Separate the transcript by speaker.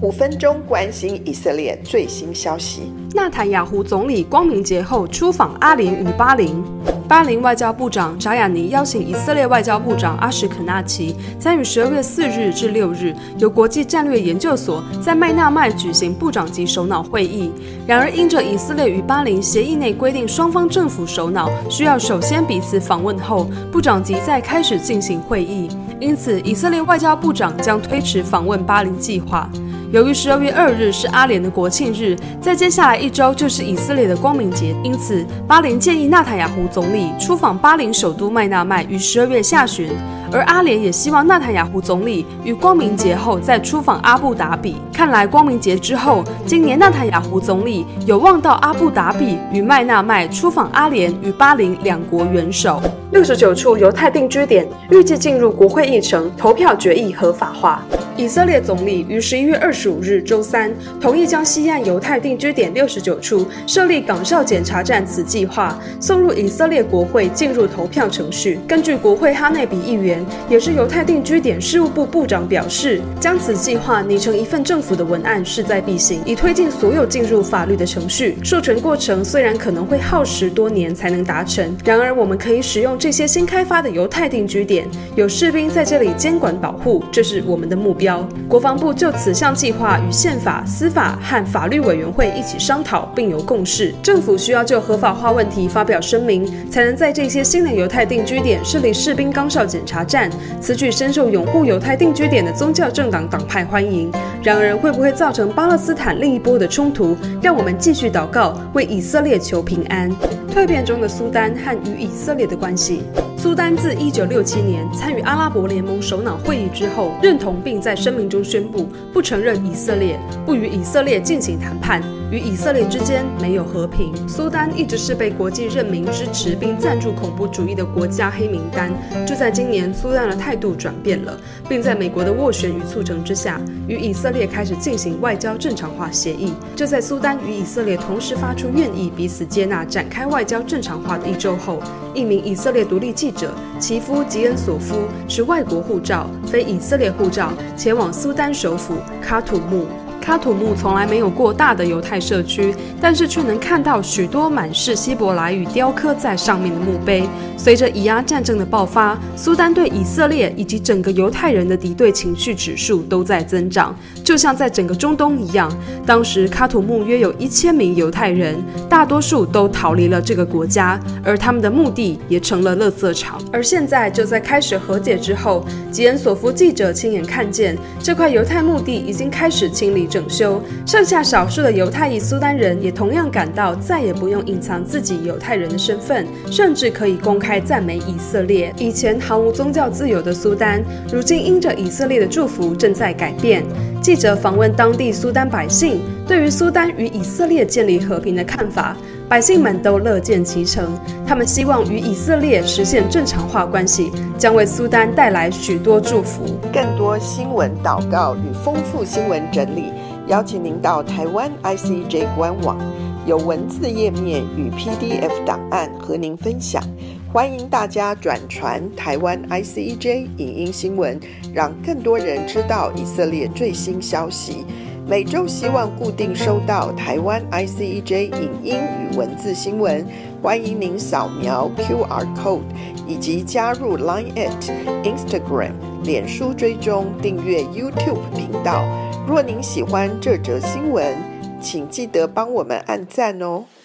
Speaker 1: 五分鐘關心以色列最新消息。納坦雅胡總理光明節後出訪阿聯與巴林，巴林外交部長扎亞尼邀請以色列外交部長阿什肯納奇參與十二月四日至六日由國際戰略研究所在麥納麥舉行部長級首腦會議。然而，因着以色列與巴林協議內規定，雙方政府首腦需要首先彼此訪問後，部長級再開始進行會議，因此以色列外交部長將推遲訪問巴林計劃。由於十二月二日是阿聯的國慶日，在接下來一週就是以色列的光明節，因此巴林建議納坦雅胡總理出訪巴林首都麥納麥於十二月下旬，而阿聯也希望納坦雅胡總理與光明節後再出訪阿布達比。看來光明節之後，今年納坦雅胡總理有望到阿布達比與麥納麥出訪阿聯與巴林兩國元首。六十九處猶太定居點預計進入國會議程，投票決議合法化。以色列總理於十一月二十五日週三同意將西岸猶太定居點六十九處設立崗哨檢查站，此計劃送入以色列國會進入投票程序。根據國會哈內比議員，也是猶太定居點事務部部長表示，將此計劃擬成一份政府的文案勢在必行，以推進所有進入法律的程序。授權過程雖然可能會耗時多年才能達成，然而我們可以使用這些新開發的猶太定居點，有士兵在這裡監管保護，這是我們的目標。國防部就此項計劃與憲法、司法和法律委員會一起商討，並有共識。政府需要就合法化問題發表聲明，才能在這些新的猶太定居點設立士兵崗哨檢查站。此舉深受擁護猶太定居點的宗教政黨黨派歡迎。然而，會不會造成巴勒斯坦另一波的衝突？讓我們繼續禱告，為以色列求平安。蛻變中的蘇丹和與以色列的關係。蘇丹自一九六七年參與阿拉伯聯盟首腦會議之後，認同並在聲明中宣布不承認以色列，不與以色列進行談判，與以色列之間沒有和平。蘇丹一直是被國際認明支持並贊助恐怖主義的國家黑名單。就在今年，蘇丹的態度轉變了，並在美國的斡旋與促成之下，與以色列開始進行外交正常化協議。就在蘇丹與以色列同時發出願意彼此接納、展開外交正常化的一周後，一名以色列獨立記。記者，其夫吉恩索夫持外國護照，非以色列護照，前往蘇丹首府喀土穆。卡土木從來沒有過大的猶太社區，但是卻能看到許多滿是希伯來語雕刻在上面的墓碑。隨着以阿戰爭的爆發，蘇丹對以色列以及整個猶太人的敵對情緒指數都在增長，就像在整個中東一樣。當時喀土穆約有一千名猶太人，大多數都逃離了這個國家，而他們的墓地也成了垃圾場。而現在，就在開始和解之後，吉恩索夫記者親眼看見這塊猶太墓地已經開始清理。整修，剩下少數的猶太裔蘇丹人也同樣感到，再也不用隱藏自己猶太人的身份，甚至可以公開讚美以色列。以前毫無宗教自由的蘇丹，如今因着以色列的祝福，正在改變。記者訪問當地蘇丹百姓，對於蘇丹與以色列建立和平的看法，百姓們都樂見其成。他們希望與以色列實現正常化關係，將為蘇丹帶來許多祝福。更多新聞禱告與、與豐富新聞整理。邀請您到台灣
Speaker 2: ICEJ 官網，有文字頁面與 PDF 檔案和您分享。歡迎大家轉傳台灣 ICEJ 影音新聞，讓更多人知道以色列最新消息。每周希望固定收到台灣 ICEJ 影音與文字新聞，歡迎您掃描 QR code 以及加入 LINE@、Instagram。臉書追蹤訂閱 YouTube 頻道。若您喜歡這則新聞，請記得幫我們按讚哦。